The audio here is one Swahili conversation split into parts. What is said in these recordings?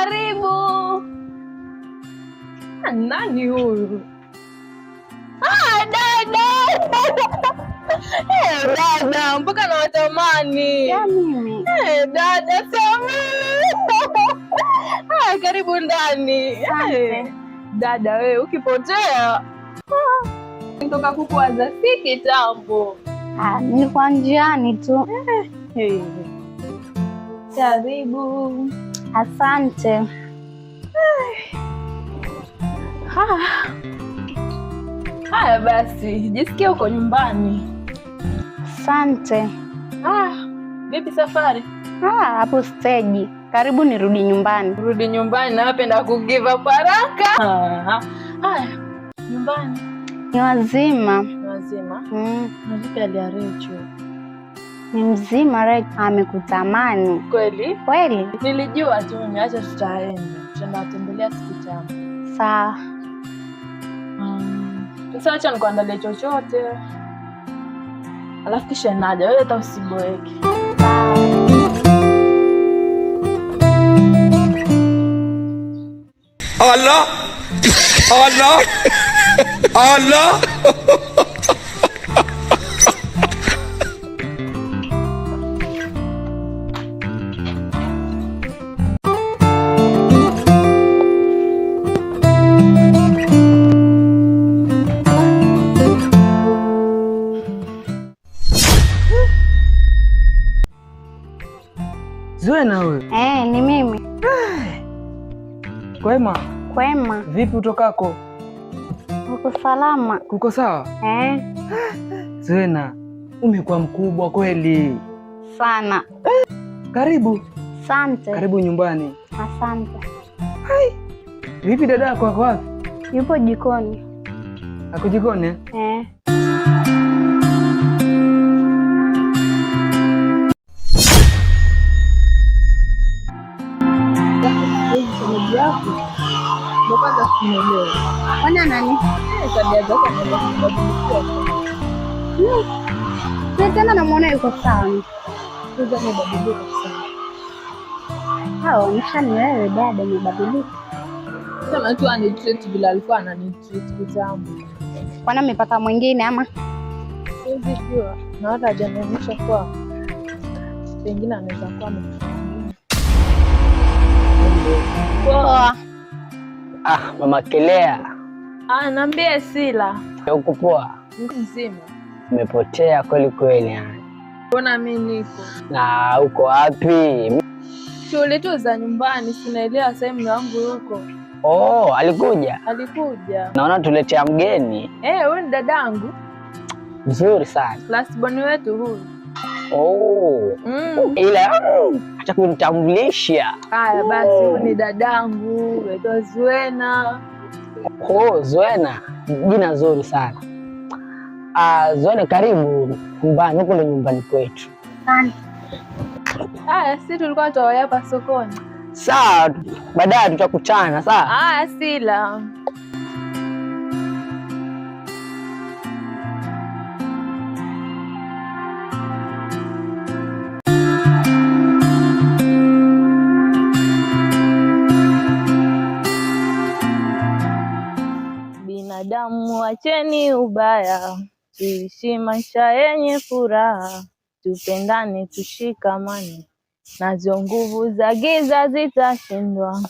Karibu. Ah, nani huyu? Ah, dada hey, eh, dada mpaka nawatamani yani. Hey, eh, dada ah, karibu ndani hey. Eh, dada wewe ukipotea ah, toka kukuwaza si kitambo. Ah, kwa njiani tu. Karibu. Asante. Haya basi, jisikie uko nyumbani. Asante. Ah, vipi safari? Ah, hapo steji. Karibu nirudi nyumbani. Rudi nyumbani na napenda kugiva paraka. Ah, haya, nyumbani. Ni wazima. Ni wazima. Mm. Aliarecho ni mzima right? Amekutamani kweli kweli, nilijua tu mimi. Acha tutaenda, tunatembelea siku tano. Sawa um, sasa, acha nikuandalia chochote, alafu kisha naja, wewe hata usiboeke. Vipi utokako? Uko salama? Kuko sawa eh? Zena, umekuwa mkubwa kweli sana. Karibu. Asante. Karibu nyumbani. Asante. Hai. Vipi dada yako, ako wapi? Yupo jikoni. Ako jikoni eh? eh. Fanya tena, namwona yuko sana aonyeshani wewe dada, tu anitreat alikuwa ananitreat kitambo. Kwana mipaka mwingine ama sivyo? Na wala hajanionyesha kuwa pengine anaweza kuwa Ah, mama Kelea. Ah, naambia Sila. Uko poa? Mzima. Nimepotea kweli kweli. Mbona mimi niko? Na uko wapi? Shughuli tu za nyumbani, sinaelewa sasa mume wangu yuko. Oh, alikuja? Alikuja. Naona tuletea mgeni. Eh, huyu ni dadangu. Mzuri sana. Last born wetu huyu. Oh. Mm. Ila acha kunitambulisha. Haya basi, oh. Ni dadangu naitwa Zuena. Oh, Zuena jina zuri sana. Uh, Zuena karibu nyumbani, huko ndo nyumbani kwetu. Haya, si tulikuwa tuwawe hapa sokoni. Sawa, baadaye tutakutana. Sawa. Ah, sila damu wacheni ubaya, tuishi maisha yenye furaha, tupendane, tushikamane, nazo nguvu za giza zitashindwa,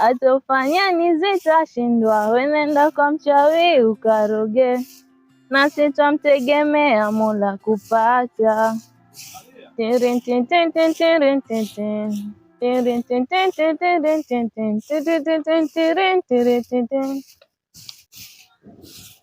atofanyani zitashindwa. Wenenda kwa mchawi ukaroge, nasi twamtegemea Mola kupata Thank you.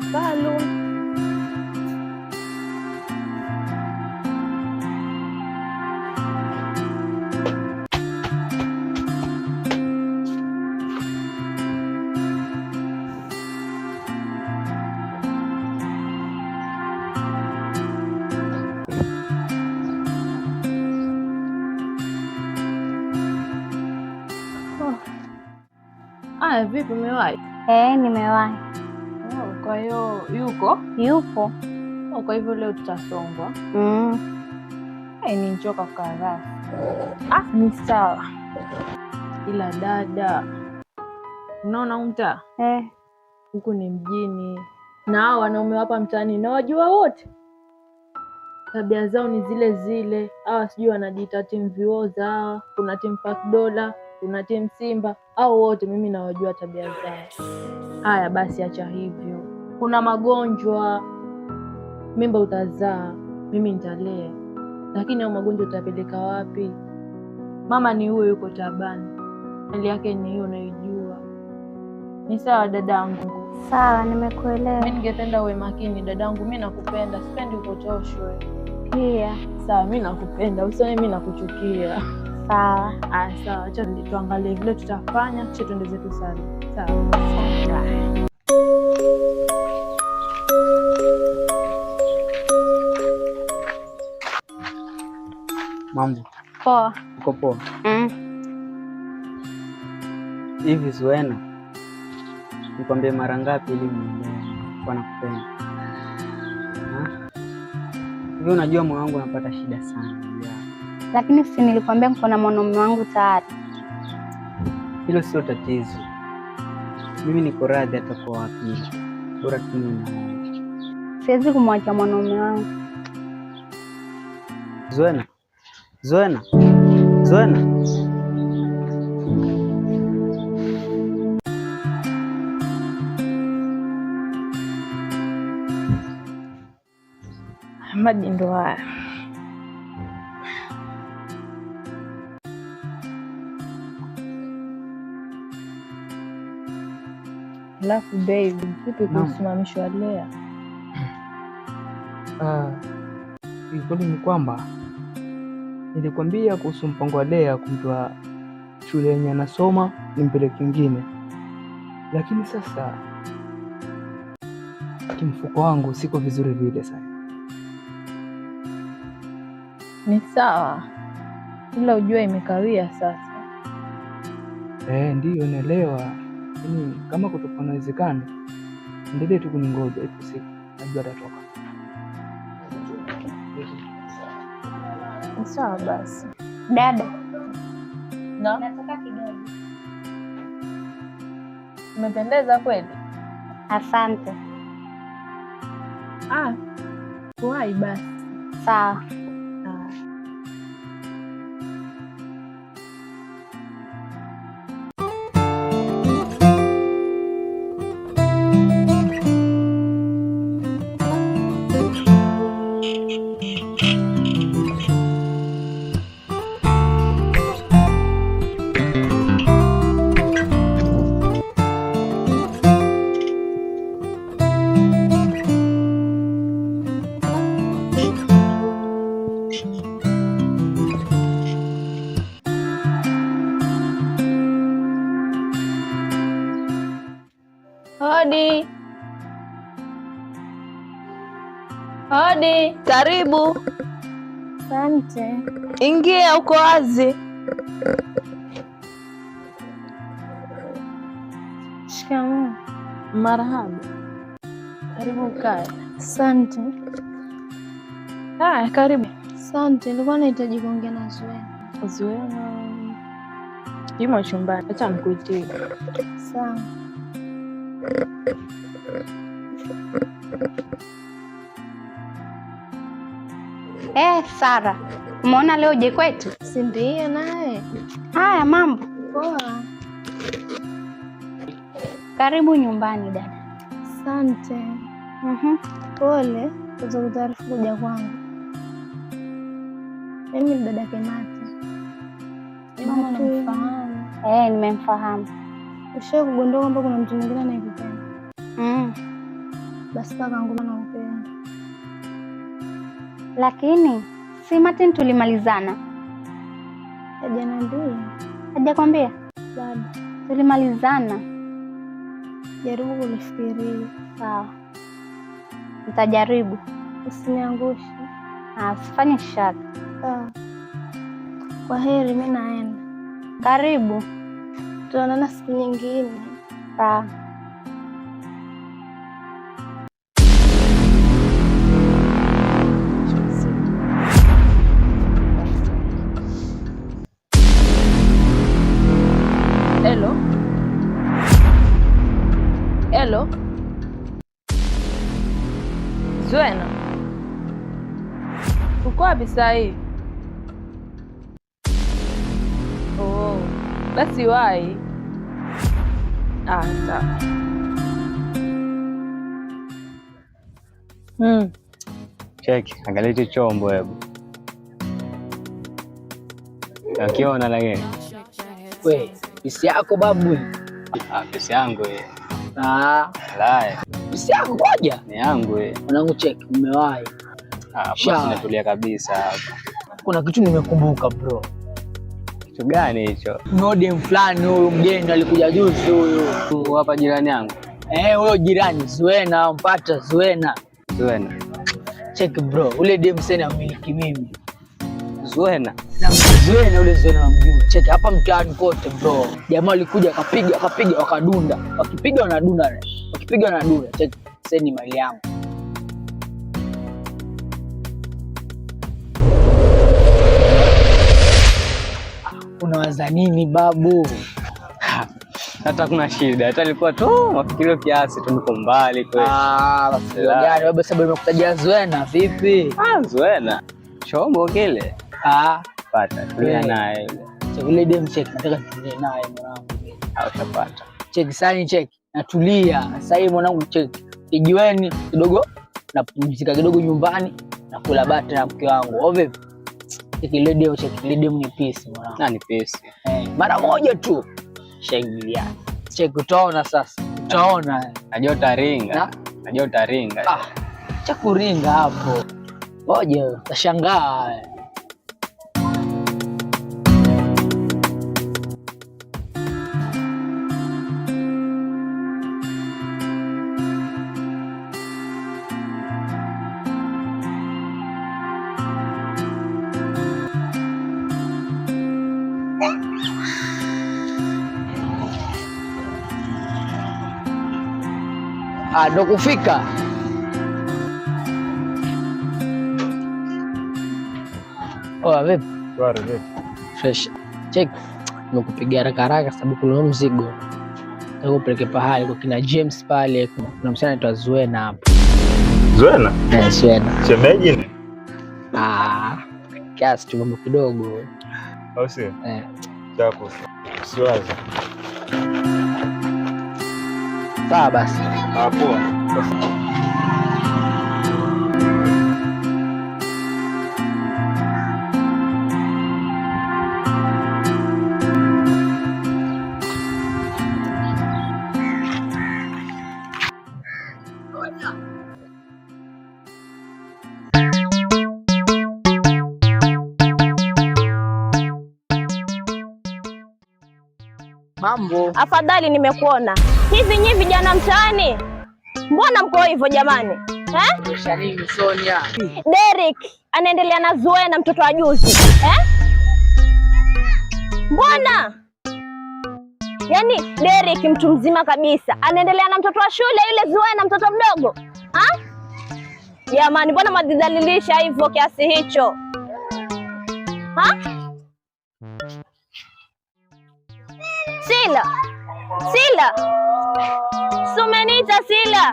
不冷。哦，哎，你没歪。哎，你没歪。Kwa hiyo yuko yupo. Oh, kwa hivyo leo tutasongwa. Mm. Ni njoka kadhaa. Ah, ni sawa, ila dada, unaona umta eh. huku eh, ni mjini na hao wanaume wapa mtaani nawajua wote, tabia zao ni zile zile. awa sijui wanajiita tim Vioza, kuna tim Pakdola, kuna tim Simba, au wote mimi nawajua tabia zao. Haya basi, acha hivyo kuna magonjwa, mimba utazaa, mimi nitalea, lakini hao magonjwa utapeleka wapi? Mama ni huyo, yuko tabani hali yake ni hiyo, unaijua. Ni sawa dadangu. Sawa, nimekuelewa. Mi ningependa uwe makini dadangu, mi nakupenda, sipendi upotoshwe. Pia sawa, mi nakupenda, usione mi nakuchukia. Sawa. Ah, sawa, acha tuangalie vile tutafanya, kisha tuende zetu. Sawa, sawa. Mambo poa. Uko poa? Mm. Hivi mm. Zuena, nikwambie mara ngapi ili kwa nakupenda hivi? Unajua moyo wangu unapata shida sana Lakini si nilikwambia niko na mwanaume wangu tayari? Hilo sio tatizo, mimi niko radhi hata kwa wapili, bora tu siwezi kumwacha mwanaume wangu Zuena. Zuena, Zuena. Maji ndo haya. Alafu baby, vipi kusimamishwa lea? Uh, ah, ikweli ni kwamba Nilikwambia kuhusu mpango wa lea kumtoa shule yenye anasoma ni mpele kingine lakini sasa kimfuko wangu siko vizuri vile sana. Ni sawa, ila ujua imekawia sasa. Eh, ndiyo naelewa, lakini kama kutokuwa nawezekana, endelee tu kuningoja, ipo siku najua atatoka. sawa basi dada. No? kidogo. Umependeza kweli. Asante. Ah, kuwai basi. Sawa. Hodi. Karibu. Asante. Ingia, uko wazi. Shikamoo. Marhaba. Karibu kaya Asante. Haya, karibu. Asante. Nilikuwa nahitaji kuongea na Zuena. Zuena yumo chumbani, acha nikuitie. Sawa. Eh, Sara, umeona leo je kwetu? Si ndiye naye. Haya mambo. Poa. Karibu nyumbani dada. Asante. Mhm. Pole kwa kutaarifu kuja kwangu. Mimi ni dada Kenati. Mama Eh, nimemfahamu. Ushe kugundua kwamba kuna mtu mwingine anayekupenda? Mm. Basi kaka na lakini si Martin tulimalizana? Hajaniambia. Hajakwambia? Bado. Tulimalizana. Jaribu kunifikiria. Sawa, nitajaribu. Usiniangushe. Ah, usifanye shaka. Sawa. Kwa heri, mimi naenda. Karibu, tuonana siku nyingine. Sawa. sahihi? Oh, basi wai. Ah, sawa. Mm. Cheki, angalia hicho chombo hebu. Nakiona lakini. We, pisi yako babu. Ah, pisi yangu ye. Ah. Lai. Pisi yako koja? Ni yangu ye. Unangu cheki, umewahi. Natulia kabisa Kuna kitu nimekumbuka bro. Kitu gani hicho? Nodem fulani huyu mgeni alikuja juzi huyu hapa jirani yangu. Eh, huyo jirani Zuena, mpata Zuena. Zuena. Check bro, ule dem sasa amiliki mimi. Zuena. Na Zuena ule Zuena mjuu. Check hapa mtaani kote bro. Jamaa alikuja akapiga akapiga wakadunda. Wakipiga wanadunda. Wakipiga wanadunda. Check. Sasa ni mali yangu. unawaza nini babu? Hata kuna shida, hata nilikuwa tu mafikirio kiasi tu, niko mbali kweli. Ah, gani babu? Sababu nimekutajia Zuena. Vipi? Ah, Zuena chombo kile. Ah. pata tulia naye yule dem, cheki, nataka tulie naye mwanangu. Ah, Ushapata cheki sani, cheki natulia sahii mwanangu, cheki kijiweni kidogo, napumzika kidogo nyumbani, nakula bata na mke wangu au Kikiredio cha ni Eh, mara moja tu. Shaingilia. Che utaona sasa. Utaona. Najua utaringa. Najua utaringa. Ah. Cha kuringa hapo. Ngoja utashangaa. Ah, ndo kufika Oa, vipi? Bari, vipi? Fresh. Check. Nimekupigia haraka haraka sababu kuna mzigo upeleke pahali kwa kina James pale, kuna msichana anaitwa Zuena hapo. Zuena? Eh, Zuena. Shemeji ni? Ah, kiasi tu mambo kidogo. Au si? Eh. Chako. Siwaza. Sawa basi. Ah, boa. Mambo. Afadhali nimekuona hivi nyi vijana mtaani mbona mko hivyo jamani eh? Sonia. Derek anaendelea na zoe na mtoto wa juzi eh? Mbona yaani Derek mtu mzima kabisa anaendelea na mtoto wa shule yule zoe na mtoto mdogo ha? Jamani, mbona mwadhalilisha hivyo kiasi hicho ha? Sila, Sila Sumeniita Sila.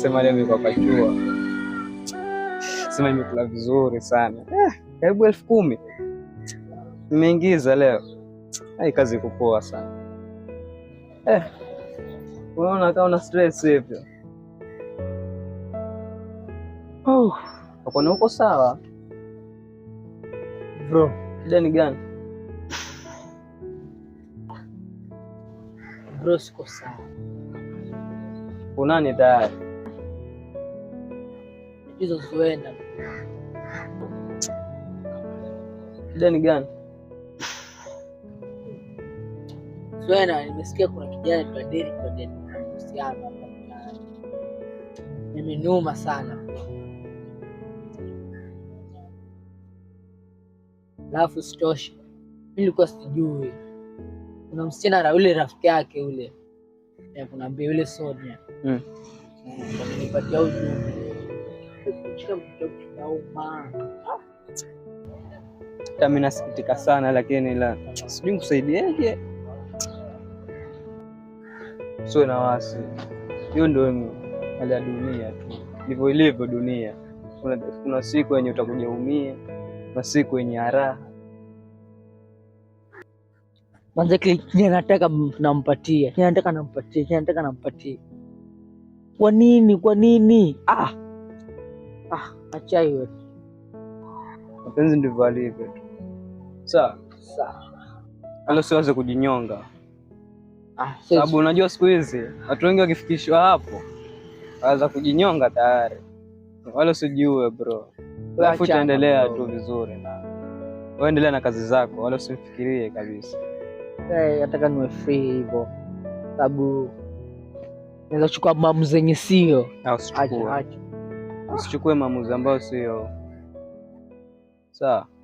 Sema leo nikapachua, sema nimekula vizuri sana eh, karibu elfu kumi nimeingiza leo. Hai, kazi kupoa sana eh, unaona kama una stress hivyo. Oh, akona uko sawa bro? ni gani bro? Siko sawa. Unani tayari hizo zienda. Kijani gani? Swena, nimesikia kuna kijana tuaderi uhusiano, nimeniuma sana alafu sitoshi, nilikuwa sijui kuna msichana na yule rafiki yake yule, eh, kuna mbia yule Sonia, hmm. eh, amenipatia ujumbe Ah. Mimi nasikitika sana lakini, la sijui nikusaidieje. Sio na wasi, hiyo ndio hali ya dunia tu, ndivyo ilivyo dunia. Kuna, kuna siku yenye utakuja umie na siku yenye haraha. Nataka nampatie, nataka nampatie, nataka nampatie. Kwa nini? Kwa nini? ah Ah, acha hiyo Mapenzi ndivyo alivyo tu. Sawa. Sawa. Halo, siwaze kujinyonga. Ah, sababu unajua siku hizi watu wengi wakifikishwa hapo waweza kujinyonga tayari. Wala usijiue bro. Alafu utaendelea tu vizuri na wewe na kazi zako, wala usimfikirie kabisa. Hey, eh, nataka niwe free hivyo sababu naweza kuchukua mamu zenye sio. Acha acha usichukue maamuzi ambayo sio sawa.